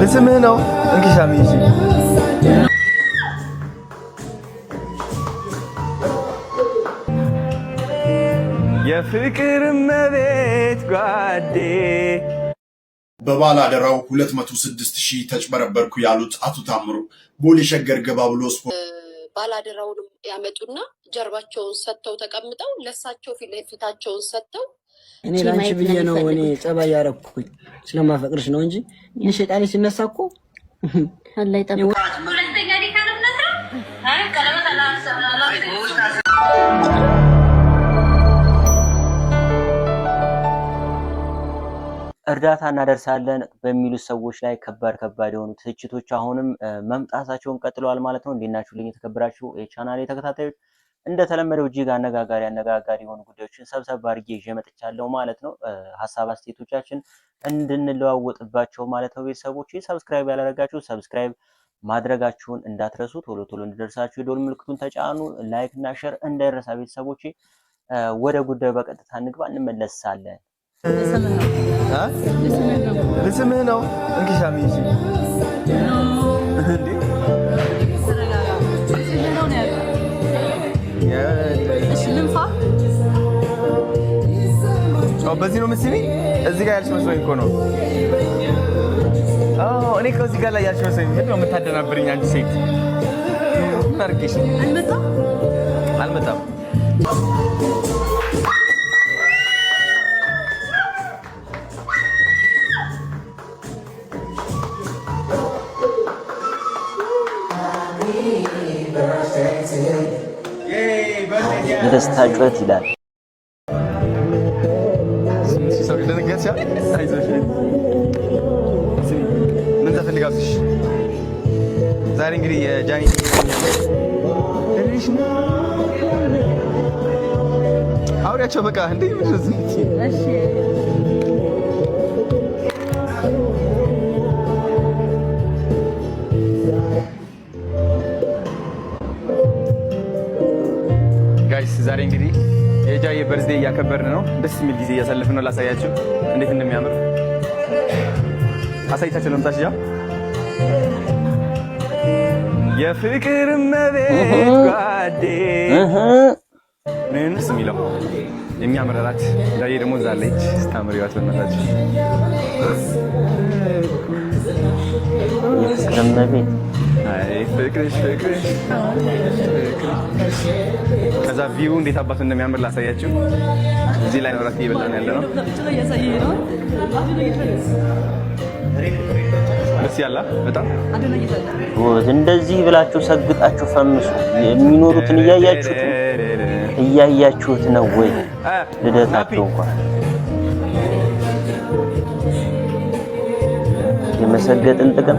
ልስምህ ነው እንኪሻሚ የፍቅር መቤት ጓዴ በባለ አደራው 206 ሺህ ተጭበረበርኩ ያሉት አቶ ታምሩ ቦሌ ሸገር ገባ ብሎ ባላደራውን ያመጡና ጀርባቸውን ሰጥተው ተቀምጠው ለእሳቸው ፊት ለፊታቸውን ሰጥተው እኔ ለአንቺ ብዬ ነው እኔ ጸባ ያረኩኝ ስለማፈቅርሽ ነው እንጂ ይህ ሸጣኔ ሲነሳ እኮ ላይ እርዳታ እናደርሳለን በሚሉት ሰዎች ላይ ከባድ ከባድ የሆኑ ትችቶች አሁንም መምጣታቸውን ቀጥለዋል ማለት ነው። እንዴናችሁ ልኝ የተከበራችሁ የቻናሌ ተከታታዮች እንደተለመደው እጅግ አነጋጋሪ አነጋጋሪ የሆኑ ጉዳዮችን ሰብሰብ አድርጌ ይዤ መጥቻለሁ ማለት ነው። ሀሳብ አስተያየቶቻችን እንድንለዋወጥባቸው ማለት ነው። ቤተሰቦች ሰብስክራይብ ያላደረጋችሁ ሰብስክራይብ ማድረጋችሁን እንዳትረሱ፣ ቶሎ ቶሎ እንዲደርሳችሁ የደወል ምልክቱን ተጫኑ። ላይክ እና ሼር እንዳይረሳ ቤተሰቦች። ወደ ጉዳዩ በቀጥታ እንግባ፣ እንመለሳለን። ስምህ ነው ነው። በዚህ ነው ምስቢ እዚህ ጋር ያልሽ መስሎኝ እኮ ነው። እኔ ከዚህ ጋር ላይ ያልሽ መስሎኝ ነው የምታደናብርኝ አንቺ ሴት። ምን አልመጣም በደስታ ጩኸት ይላል። ምን ተፈልጋለሽ? ዛሬ እንግዲህ የጃኒ አውሪያቸው በቃ እንዴ እያከበርን ነው። ደስ የሚል ጊዜ እያሳለፍን ነው። ላሳያችሁ እንዴት እንደሚያምር አሳይቻችሁ ለምታች ያ የፍቅር መቤት ጓዴ ምን ስም ይለው የሚያምር እራት ዳዬ ደግሞ ዛለች ስታምር ይዋት በእናታችሁ የፍቅር መቤት ፍቅርሽ ፍቅርሽ። ከዛ ቪው እንዴት አባቱ እንደሚያምር ላሳያችሁ። እዚህ ላይ ነው እራት እየበላን ያለ ነው። ደስ ያላ በጣም እንደዚህ ብላችሁ ሰግጣችሁ ፈምሱ። የሚኖሩትን እያያችሁት እያያችሁት ነው ወይ ah, ልደታቸው እንኳን የመሰገጥን ጥቅም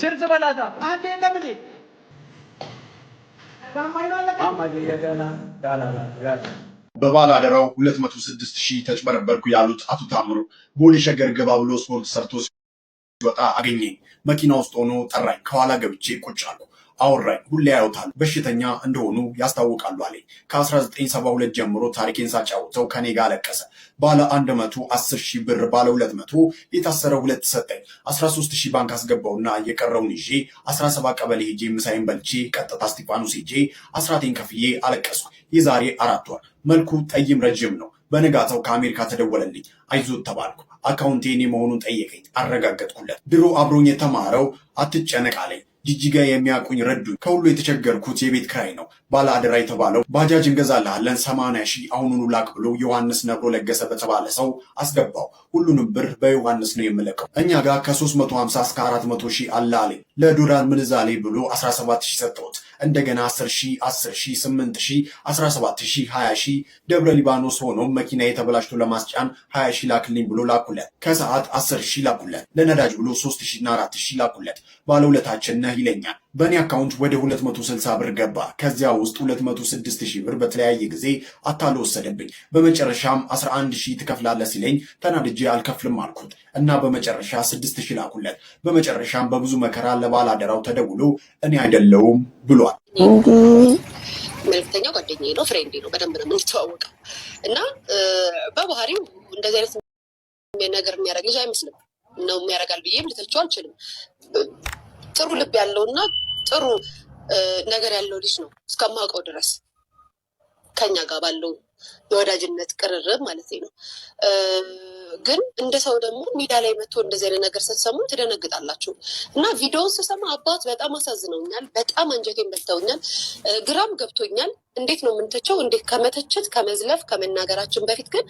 ችርስ በላታ አንዴ ለምን በባለ አደራው 206 ሺህ ተጭበረበርኩ ያሉት አቶ ታምሩ ቦሌ ሸገር ገባ ብሎ ስፖርት ሰርቶ ሲወጣ አገኘኝ። መኪና ውስጥ ሆኖ ጠራኝ። ከኋላ ገብቼ ቁጭ አልኩ። አወራኝ። ሁሌ ያዩታል፣ በሽተኛ እንደሆኑ ያስታውቃሉ አለኝ። ከ1972 ጀምሮ ታሪኬን ሳጫውተው ከኔ ጋር አለቀሰ። ባለ 10 ሺህ ብር፣ ባለ 200 የታሰረ ሁለት ሰጠኝ። 13 ሺህ ባንክ አስገባውና የቀረውን ይዤ 17 ቀበሌ ሄጄ ምሳይን በልቼ ቀጥታ እስጢፋኖስ ሄጄ አስራቴን ከፍዬ አለቀስኩ። የዛሬ አራት ወር መልኩ ጠይም ረጅም ነው። በነጋታው ከአሜሪካ ተደወለልኝ። አይዞት ተባልኩ። አካውንቴን መሆኑን ጠየቀኝ፣ አረጋገጥኩለት። ድሮ አብሮኝ የተማረው አትጨነቅ አለኝ። ጅጅጋ የሚያቁኝ ረዱኝ። ከሁሉ የተቸገርኩት የቤት ክራይ ነው። ባለአደራ የተባለው ባጃጅ እንገዛልሃለን ሰማንያ ሺህ አሁኑኑ ላክ ብሎ ዮሐንስ ነብሮ ለገሰ በተባለ ሰው አስገባው። ሁሉንም ብር በዮሐንስ ነው የምለቀው። እኛ ጋር ከ350 እስከ 400 ሺህ አለ አለኝ። ለዶላር ምንዛሌ ብሎ 17 ሺህ ሰጠሁት። እንደገና 10 ሺህ 10 ሺህ 8 ሺህ 17 ሺህ 20 ሺህ ደብረ ሊባኖስ ሆኖ መኪና የተበላሽቶ ለማስጫን 20 ሺህ ላክልኝ ብሎ ላኩለት። ከሰዓት 10 ሺህ ላኩለት። ለነዳጅ ብሎ 3 ሺህ እና 4 ሺህ ላኩለት። ባለውለታችን ነህ ይለኛል። በእኔ አካውንት ወደ 260 ብር ገባ። ከዚያ ውስጥ 206 ሺህ ብር በተለያየ ጊዜ አታሎ ወሰደብኝ። በመጨረሻም 11 ሺህ ትከፍላለህ ሲለኝ ተናድጄ አልከፍልም አልኩት እና በመጨረሻ 6 ሺህ ላኩለት። በመጨረሻም በብዙ መከራ ለባለ አደራው ተደውሎ እኔ አይደለውም ብሏል። መልክተኛው ጓደኛዬ ነው፣ ፍሬንዴ ነው። በደንብ ነው የምንተዋወቀው እና በባህሪው እንደዚህ አይነት ነገር የሚያደርግ ልጅ አይመስልም። ነው የሚያደርጋል ብዬም ልተቸው አልችልም ጥሩ ልብ ያለው እና ጥሩ ነገር ያለው ልጅ ነው እስከማውቀው ድረስ ከኛ ጋር ባለው የወዳጅነት ቅርርብ ማለት ነው። ግን እንደ ሰው ደግሞ ሚዲያ ላይ መጥቶ እንደዚህ አይነት ነገር ስትሰሙ ትደነግጣላችሁ። እና ቪዲዮውን ስሰማ አባት በጣም አሳዝነውኛል፣ በጣም አንጀቴን በልተውኛል፣ ግራም ገብቶኛል። እንዴት ነው የምንተቸው? እንዴት ከመተቸት ከመዝለፍ ከመናገራችን በፊት ግን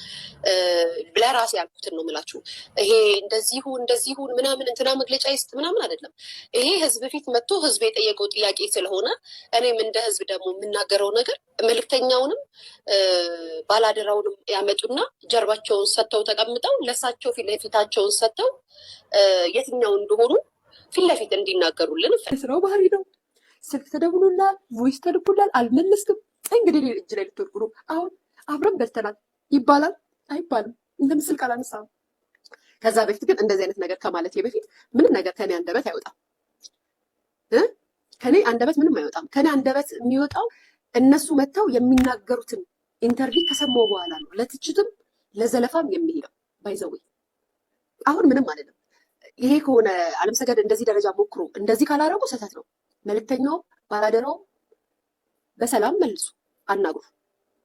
ለራሴ ያልኩትን ነው ምላችሁ። ይሄ እንደዚሁ እንደዚሁ ምናምን እንትና መግለጫ ይስጥ ምናምን አይደለም። ይሄ ህዝብ ፊት መጥቶ ህዝብ የጠየቀው ጥያቄ ስለሆነ እኔም እንደ ህዝብ ደግሞ የምናገረው ነገር መልክተኛውንም ባላደራውንም ያመጡና ጀርባቸውን ሰጥተው ተቀምጠው ለሳቸው ፊትለፊታቸውን ሰጥተው የትኛው እንደሆኑ ፊት ለፊት እንዲናገሩልን ስራው ባህሪ ነው። ስልክ ተደውሎላል፣ ቮይስ ተልኮላል፣ አልመለስክም እንግዲህ እጅ ላይ ልትወድቁ ነው። አሁን አብረን በልተናል ይባላል አይባልም? እንደ ምስል ቃል ከዛ በፊት ግን እንደዚህ አይነት ነገር ከማለቴ በፊት ምንም ነገር ከኔ አንደበት አይወጣም። ከኔ አንደበት ምንም አይወጣም። ከኔ አንደበት የሚወጣው እነሱ መጥተው የሚናገሩትን ኢንተርቪው ከሰማው በኋላ ነው ለትችትም ለዘለፋም የሚሄደው። ባይዘዌ አሁን ምንም አልልም። ይሄ ከሆነ አለም ሰገድ እንደዚህ ደረጃ ሞክሮ እንደዚህ ካላደረጉ ስህተት ነው። መልክተኛው ባላደራውም በሰላም መልሱ፣ አናግሩ፣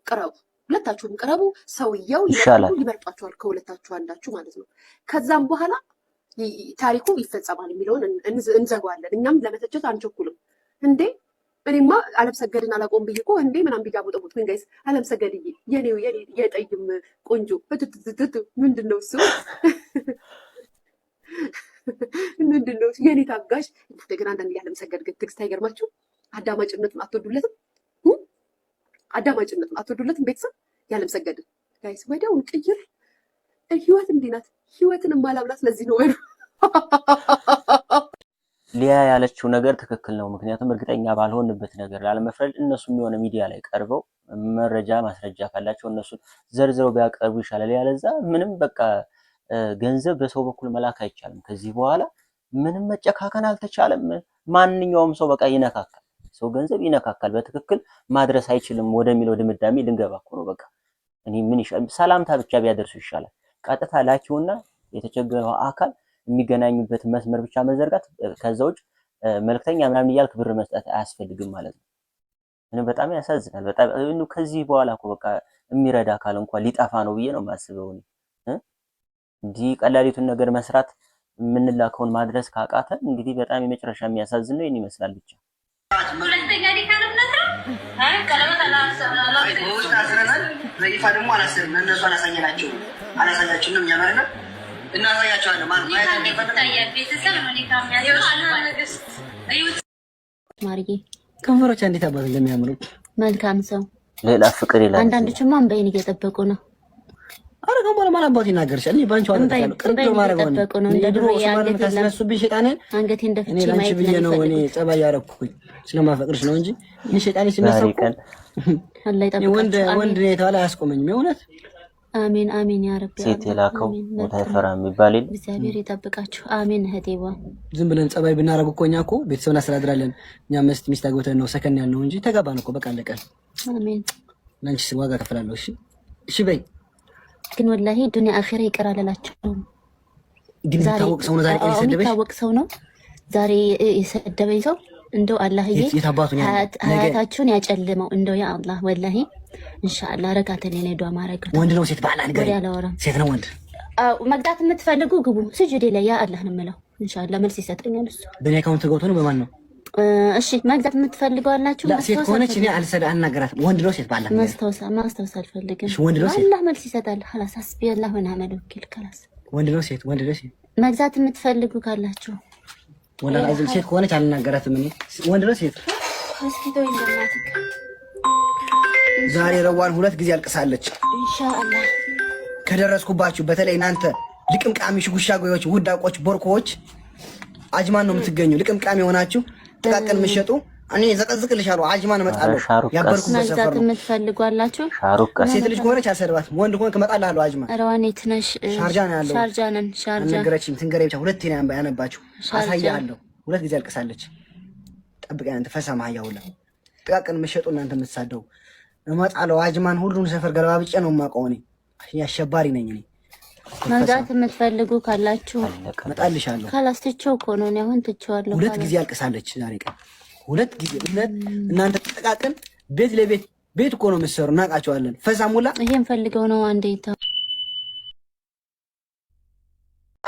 ቅረቡ፣ ሁለታችሁም ቅረቡ። ሰውየው ይመርጧችኋል፣ ከሁለታችሁ አንዳችሁ ማለት ነው። ከዛም በኋላ ታሪኩ ይፈጸማል የሚለውን እንዘጓለን። እኛም ለመተቸት አንቸኩልም እንዴ እኔማ አለምሰገድን አላቆም ብዬ እኮ እንዴ ምናም ብዬ አቦጠቦጥኩኝ። ጋይስ አለምሰገድዬ የኔው የጠይም ቆንጆ ትትትት ምንድን ነው እሱ ምንድን ነው የኔ ታጋሽ። ግን አንዳንድ ያለምሰገድ ግን ትግስት አይገርማችሁ። አዳማጭነቱን አትወዱለትም፣ አዳማጭነቱን አትወዱለትም። ቤተሰብ ያለምሰገድ ጋይስ ወዲያውን ቅይር። ህይወት እንዲህ ናት። ህይወትን ማላምናት ለዚህ ነው ወይ ሊያ ያለችው ነገር ትክክል ነው። ምክንያቱም እርግጠኛ ባልሆንበት ነገር ላለመፍረድ እነሱም የሆነ ሚዲያ ላይ ቀርበው መረጃ ማስረጃ ካላቸው እነሱን ዘርዝረው ቢያቀርቡ ይሻላል። ያለዛ ምንም በቃ ገንዘብ በሰው በኩል መላክ አይቻልም። ከዚህ በኋላ ምንም መጨካከን አልተቻለም። ማንኛውም ሰው በቃ ይነካካል፣ ሰው ገንዘብ ይነካካል፣ በትክክል ማድረስ አይችልም ወደሚለው ድምዳሜ ልንገባ እኮ ነው። በቃ እኔ ምን ሰላምታ ብቻ ቢያደርሱ ይሻላል። ቀጥታ ላኪውና የተቸገረው አካል የሚገናኙበት መስመር ብቻ መዘርጋት። ከዛ ውጭ መልክተኛ ምናምን እያልክ ብር መስጠት አያስፈልግም ማለት ነው። እኔም በጣም ያሳዝናል። በጣም ከዚህ በኋላ እኮ በቃ የሚረዳ አካል እንኳን ሊጠፋ ነው ብዬ ነው የማስበው። እንዲህ ቀላሊቱን ነገር መስራት የምንላከውን ማድረስ ካቃተ እንግዲህ በጣም የመጨረሻ የሚያሳዝን ነው። ይህን ይመስላል ብቻ ቀለበት አስረናል። በይፋ ደግሞ እነሱ አላሳየናቸውም። እናሳያቸዋለን። ማርዬ ከንፈሮቿ እንዴት አባት እንደሚያምሩ መልካም ሰው ሌላ ፍቅር ይላል። አንዳንዶችማ እንበይን እየጠበቁ ነው። አረ ከሞላ ማላ አባት ይናገርሻል። እኔ ባንቺ አንተ ነው ነው። እኔ ጸባይ ያረኩኝ ስለማፈቅርሽ ነው እንጂ ወንድ የተባለ አያስቆመኝም የእውነት አሜን አሜን። ያረብ ሴት የላከው ቦታ አይፈራ የሚባል እግዚአብሔር ይጠብቃችሁ። አሜን። እህቴዋ ዝም ብለን ጸባይ ብናረጉ እኮ እኛ እኮ ቤተሰብ እናስተዳድራለን። እኛ መስት ሚስት አግብተን ነው ሰከን ያልነው እንጂ ተጋባን እኮ በቃ አለቀ። አሜን። ለአንቺ ስል ዋጋ ከፍላለሁ። እሺ እሺ በይ። ግን ወላሂ ዱኒያ አኼራ ይቀራል አላቸውም። ግን የሚታወቅ ሰው ነው ዛሬ ቀን የሚታወቅ ሰው ነው ዛሬ የሰደበኝ ሰው እንደው አላህዬ ሀያታችሁን ያጨልመው እንደው ያ አላህ ወላሂ እንሻላ ረጋትን የኔ ዱዓ ማድረግ ወንድ ነው ሴት ባህላ ነገር ሴት ነው ወንድ መግዳት የምትፈልጉ ግቡ። ስጁዴ ላይ ያ አላህ ነው የምለው። እንሻላ መልስ ይሰጠኛል እሱ። በእኔ አካውንት ገብቶ ነው በማን ነው? እሺ መግዛት የምትፈልገው አላችሁ። ሴት ከሆነች እኔ አልሰድ አናገራት። ወንድ ነው ሴት ባላ ማስታወስ ማስታወስ አልፈልግም። ወንድ ነው ሴት አላህ መልስ ይሰጣል። ላስ አላህ ሆነ አመል ወኪል ከላስ ወንድ ነው ሴት ወንድ ነው ሴት መግዛት የምትፈልጉ ካላችሁ ወላ ሴት ከሆነች አልናገራትም እኔ ወንድ ነው ሴት ዛሬ ረዋን ሁለት ጊዜ አልቅሳለች። ከደረስኩባችሁ በተለይ እናንተ ልቅምቃሚ ሽጉሻጎዎች፣ ውዳቆች፣ ቦርኮዎች አጅማን ነው የምትገኙ። ልቅምቃሚ የሆናችሁ ጥቃቅን የምትሸጡ እኔ ዘቀዝቅልሻለሁ። አጅማን እመጣለሁ። ያበርኩበት ሰፈር ነው የምትፈልጓላችሁ። ሴት ልጅ ከሆነች አልሰድባትም፣ ወንድ ከሆነ እመጣልሃለሁ። አጅማን ሻርጃ ነው ያለው። አልነገረችም። ትንገረኝ ብቻ። ሁለቴ ነው ያነባችሁ። አሳያለሁ። ሁለት ጊዜ አልቅሳለች። ጠብቀኝ አንተ ፈሳ ማህያ ጥቃቅን የምትሸጡ እናንተ የምትሳደቡ እመጣለሁ። አጅማን ሁሉን ሰፈር ገለባብጬ ነው የማውቀው። እኔ አሸባሪ ነኝ እኔ። መግዛት የምትፈልጉ ካላችሁ እመጣልሻለሁ። ካላስ እኮ ነው እኔ አሁን ትቼዋለሁ። ሁለት ጊዜ አልቅሳለች ዛሬ ቀን ሁለት ጊዜ። እናንተ ተጠቃቅን ቤት ለቤት ቤት እኮ ነው የምትሰሩ፣ እናውቃቸዋለን። ፈዛ ሙላ ይሄን ፈልገው ነው አንዴ